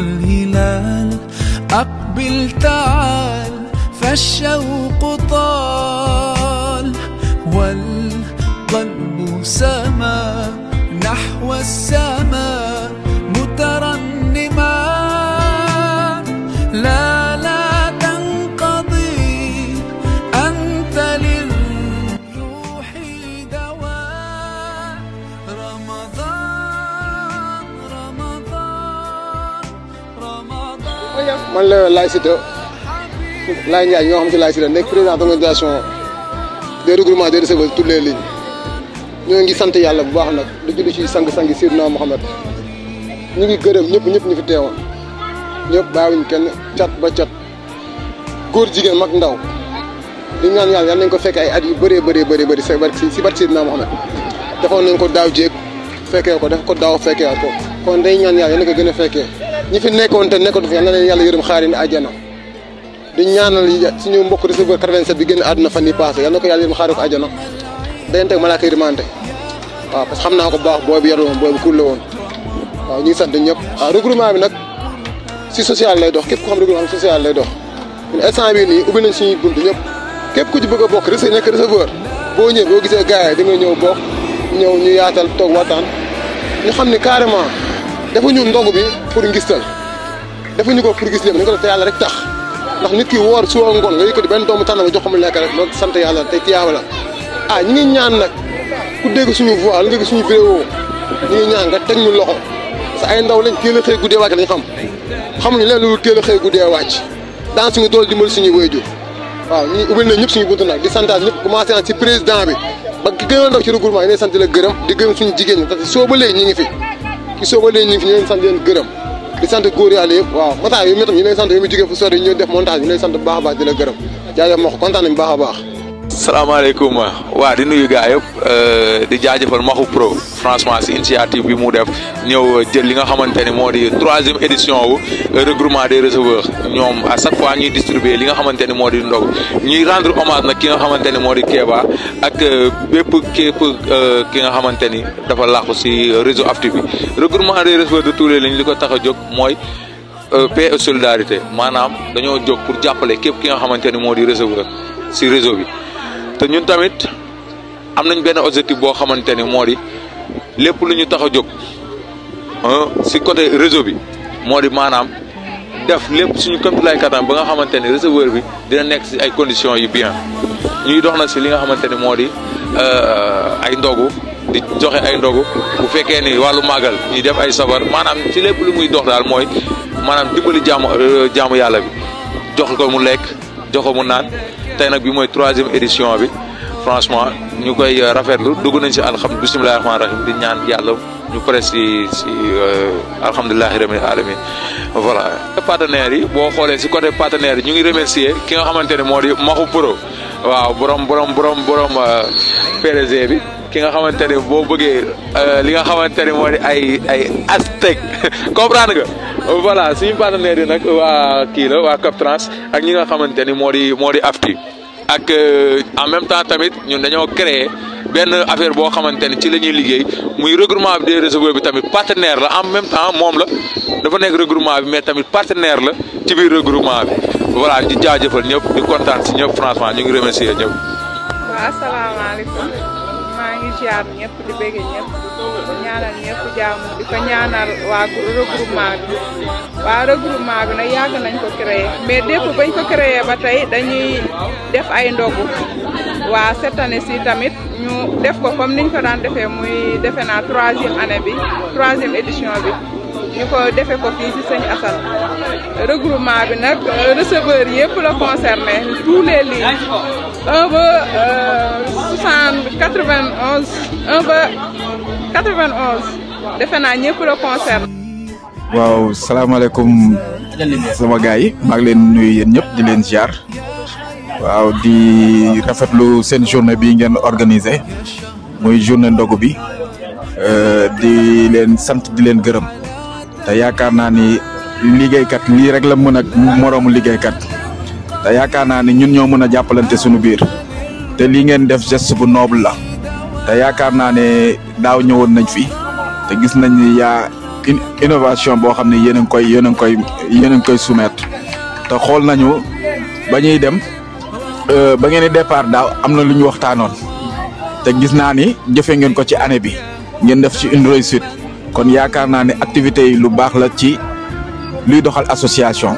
الهلال أقبل تعال فالشوق طال والقلب سما نحو السماء man la lay cité lay ñaan ñoo xam ci lay cité nek président d'organisation des regroupements des receveurs toutes les lignes ñoo ngi sante yalla bu baax nak du jullu ci sang-sangi Seydina mohammed ñu ngi gëreem ñep ñep ñu fi teewoon ñep bàyyiwuñ kenn chat ba chat goor jigen mak ndaw di ñaan yalla yalla nañ ko fekk ay at yu bëré bëré bëré bëré sa barki ci barki Seydina mohammed defoon nañ ko daw jéeg fekkee ko def ko daw fekkee ko kon day ñaan yalla yalla nga gëna gën ñi fi nekkoon te nekkatu fi yàlla na leen yàlla yërëm xaarin àjjana di ñaanal suñu mbokk receveur 87 bi génn àdduna fan yi passé yàlla na ko yàlla yërëm xaarin ko àjjana dayante ak malaaka yërmante waaw parce xam naa ko baax booy bi yaru woon booy bi kulle woon waaw ñu sant ñëpp waaw regroupement bi nag si social lay dox képp ko xam regroupement bi social lay dox ñun instant bii nii ubbi nañ suñuy bunt ñëpp képp ku ci bëgg a bokk rece nekk receveur boo ñëwee boo gisee gars yi da ñëw bokk ñëw ñu yaatal toog waxtaan ñu xam ni carrément ñu ndogu bi pour ngistal defuñu ko pour gis lépp dañu ko def te yàlla rek tax ndax nit ki woor suba ngoon nga yëkkati benn doomu tànnama jox ko mu lekk rek loolu sant yàlla te tiyaaba la ah ñi ñaan nag ku dégg suñu voix nga gis suñu vidéo ñi ngi ñaan teg ñu loxo sa ay ndaw lañ teel a xëy guddee wàcc lañ xam xamuñu leen loolu teel a xëy guddee wàcc dans suñu dool dimbali suñu wéyju waaw ñi ubbil na ñëpp suñu buntu nag di santaat ñëpp commencé an si président bi ba ki ndaw ci regroupement yi ne sant la gërëm di gërëm suñu jigéen ñi parce que soo ba ngi fi ki soo ba léegi ñu ngi sant leen gërëm di sant góor yàlla yëpp waaw mataa yi métam ñu sant yi mu jógee fu sori ñoo def montage ñu lay sant baax a baax di la gërëm jaajëf ma ko baax baax salaamaaleykum waa di nuyu gaa yëpp euh, di jaajëfal Maxu Pro franchement si initiative bi mu def ñëw jël li nga xamante ni moo di troisième édition wu euh, regroupement des receveurs ñoom à chaque fois ñuy distribuer li nga xamante ni moo di ndog ñuy rendre hommage nag ki nga xamante ni moo di Kéba ak euh, bépp képp ki nga xamante ni dafa làqu si réseau Aftu bi regroupement des receveurs de tous les lignes li ko tax a jóg mooy. paix maanaam dañoo jóg pour jàppale képp ki nga xamante ni moo di receveur si réseau bi te ñun tamit am nañ benn objectif boo xamante ni moo di lépp lu ñu tax a jóg si côté réseau bi moo di maanaam def lépp suñu kéemtulaay kattan ba nga xamante ni receveur bi dina nekk si ay conditions yi bien ñuy dox na si li nga xamante ni moo di euh, ay ndogu di joxe ay ndogu bu fekkee ni wàllu màggal ñuy def ay sabar maanaam ci lépp lu muy dox daal mooy maanaam dimbali jaamu euh, jaamu yàlla bi jox ko mu lekk. jox ko mu naan tey nag bi mooy troisième édition bi franchement ñu koy euh, rafetlu dugg nañ si alhamdulilah bisimilah rahmaani rahim di ñaan yàlla ñu pare si si euh, alhamdulilah rabbil alamin voilà. partenaire yi boo xoolee si côté partenaire yi ñu ngi remercier ki nga xamante ne moo di Maxu Pro waaw borom borom borom borom euh, bi. ki nga xamante ne boo bëggee li nga xamante ne moo di ay ay aztèque comprendre nga. voilà suñu partenaire yi nag waa kii la waa Captrans ak ñi nga xamante ni moo di moo di afti ak euh, en même temps tamit ñun dañoo créer benn affaire boo xamante ni ci la ñuy liggéey muy regroupement bi des receveurs bi tamit partenaire la en même temps moom la dafa nekk regroupement bi mais tamit partenaire la ci biir regroupement bi voilà di jaajëfal ñëpp di kontaan si ñëpp franchement ñu ngi remercier ñëpp. waaw ko ñaanal ñëpp jàmm di ko ñaanal waa regroupement bi waa regroupement bi nag yàgg nañ ko créé mais dépp bañ ko créé ba tey dañuy def ay ndogu waa cette année ci tamit ñu def ko comme niñ ko daan defee muy defe naa troisième année bi troisième édition bi ñu ko defe ko fii ci sëñ Assane regroupement bi nag euh, receveur yëpp la concerné tous les lignes un ba euh, soixante quatre-vingt-onze un 91 defe naa waaw salaamaaleykum sama gaa yi maa ngi leen nuyu yéen ñëpp di leen ziar waaw di rafetlu seen journée bi ngeen organisé muy journée ndogu bi euh, di leen sant di leen gërëm te yaakaar naa ni liggéeykat lii rek la mën ak moroomu liggéeykat te yaakaar naa ni ñun ñoo mën a jàppalante suñu biir te lii ngeen def geste bu noble la. te yaakaar naa ne daaw ñëwoon nañ fi te gis nañ ni yaa innovation boo xam ne yéen a ngi koy yéen a ngi koy yéen a ngi koy te xool nañu ba ñuy dem euh, ba ngeen di départ daaw am na lu ñu waxtaanoon te gis naa ni jëfe ngeen ko ci année bi ngeen def ci une réussite kon yaakaar naa ne activités yi lu baax la ci luy doxal association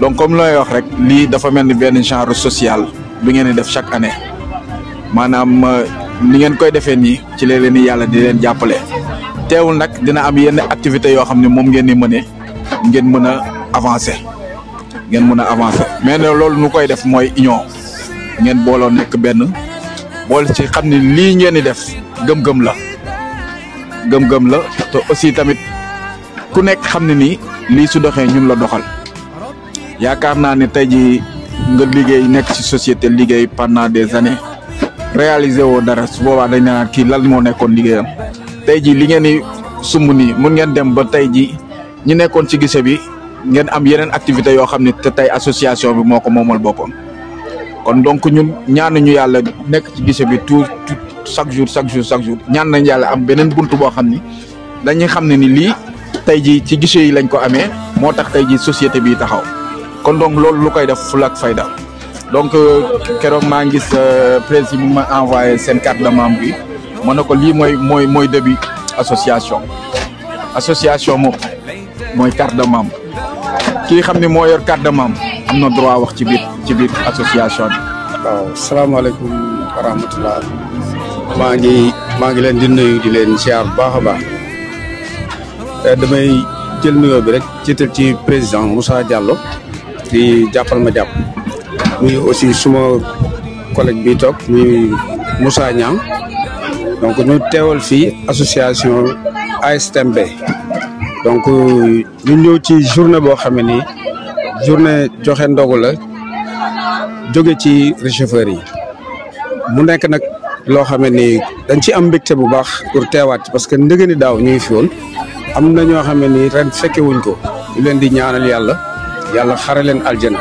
donc comme looy wax rek lii dafa mel ni benn genre sociale bi ngeen di def chaque année maanaam. Euh, ni ngeen koy defee nii ci la leen yàlla di leen jàppale teewul nag dina am yenn activités yoo xam ne moom ngeen di mëne ngeen mën a avancer ngeen mën a avancer mais ne loolu nu koy def mooy union ngeen booloo nekk benn bool ci xam ne lii ngeen di def gëm-gëm la gëm-gëm la te aussi tamit ku nekk xam ne nii lii su doxee ñun la doxal yaakaar naa ne tey ji nga liggéey nekk ci société liggéey pendant des années réaliser woo dara su boobaa dañ ne kii lan moo nekkoon liggéeyam tey jii li ngeen di sumb nii mun ngeen dem ba tey jii ñi nekkoon ci gise bi ngeen am yeneen activité yoo xam ne te tey association bi moo ko moomal boppam kon donc ñun ñaanuñu yàlla nekk ci gise bi tout chaque jour chaque jour chaque jour ñaan nañ yàlla am beneen bunt boo xam ni dañuy xam ne ni lii tey jii ci gise yi lañ ko amee moo tax tey jii société bi taxaw kon donc loolu lu koy def fula ak fayda donc euh, keroog maa ngi gis euh, presse yi envoyé seen carte de membre bi ma ne ko lii mooy mooy mooy début association association moom mooy carte de membre kii xam ne moo yor carte de am na droit wax ci biir ci biir association bi. waaw salaamaaleykum wa rahmatullah maa ngi maa ngi leen di nuyu di leen ziar bu baax a baax eh, damay jël nuyoo bi rek ci ci président Moussa Diallo di jàppal ma jàpp. nuyu aussi suma collègue bi toog mi Moussa ñaam donc ñu teewal fii association ASTMB donc euh, ñu ñëw ci journée boo xam ne nii journée joxe ndogu la jóge ci receveurs yi mu nekk nag loo xam ne nii dañ ci am mbégte bu baax pour teewaat parce que ndëgëni daaw ñuy fi woon am na ñoo xam ne nii ren fekke wuñ ko ñu leen di ñaanal yàlla yàlla xare leen aljana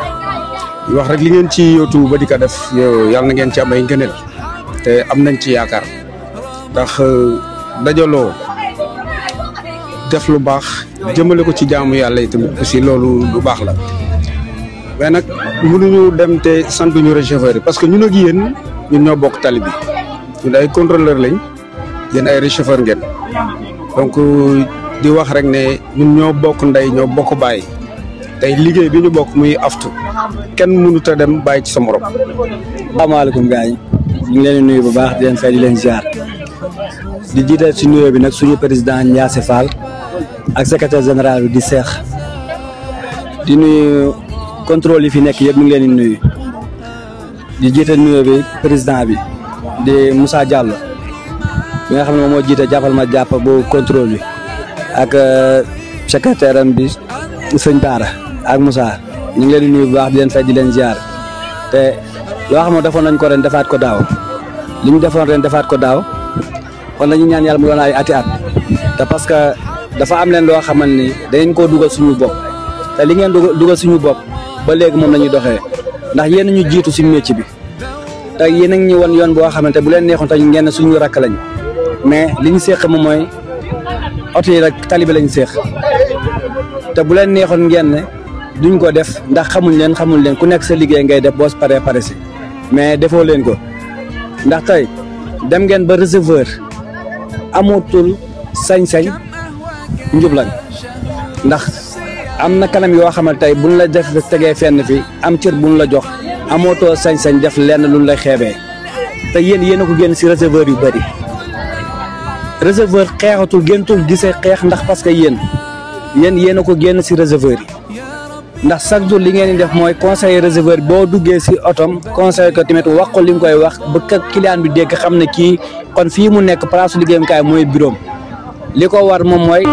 wax rek li ngeen ci yotu ba di def yalla na ngeen ci am ay te am nañ ci yaakar ndax euh, dajalo def lu bax jëmele ko ci jaamu yalla itam aussi lolu lu bax la mais nak mënuñu dem te sant ñu receveur parce que ñu nak yeen ñu ñoo bok tali bi ñun ay contrôleur lañ yeen ay receveur ngeen donc euh, di wax rek ne ñun ñoo bok nday ñoo bok baye tey liggéey bi ñu bokk muy aftu kenn mënut a dem bàyyi ci sa morom. asalaamaaleykum gars yi ñu ngi leen nuyu bu baax di leen fay di leen ziar di jiita ci nuyoo bi nag suñu président Ndiasse Fall ak secrétaire général bi di Seex di nuyu contrôle yi fi nekk yëpp ñu ngi leen di nuyu di jiital nuyoo bi président bi di Moussa jàll bi nga xam ne moo jiite jàppal ma jàpp bu contrôle bi ak euh, secrétaire bi sëñ Baara. ak Moussa ñu ngi leen di bu baax di leen fay di leen jaar te loo xam ne defoon nañ ko ren defaat ko daaw li ñu defoon ren defaat ko daaw kon dañuy ñaan yàlla mu doon ay ati at te parce que dafa am leen loo xamante ni dangeen koo dugal suñu bokk te li ngeen dugal suñu bopp ba léegi moom la ñuy doxee ndax yéen ñu jiitu si métier bi te yéen a ngi ñu won yoon boo xamante bu leen neexoon te ngeen suñu rakk lañ mais li ñu séq moom mooy oto yi rek tali bi lañ séq te bu leen neexoon ngeen ne duñ ko def ndax xamuñ leen xamuñ leen ku nekk sa liggéey ngay def bos pare pare si mais defoo leen ko ndax tey dem ngeen ba receveur amutul sañ-sañ njublañ ndax am na kanam yoo xamal tey buñ la def tegee fenn fi am cër buñ la jox amootoo sañ-sañ def lenn luñ lay xeebee te yéen yéen ko génn si receveur yu bëri receveur xeexatul géntul gisee xeex ndax parce que yéen yéen yéen ko génn si receveur yi ndax chaque jour li ngeen di def mooy conseiller receveur boo duggee si otom conseiller ko tamit wax ko li mu koy wax ba client bi dégg xam ne kii kon fii mu nekk place liggéeyam kaay mooy bureau li ko war moom mooy.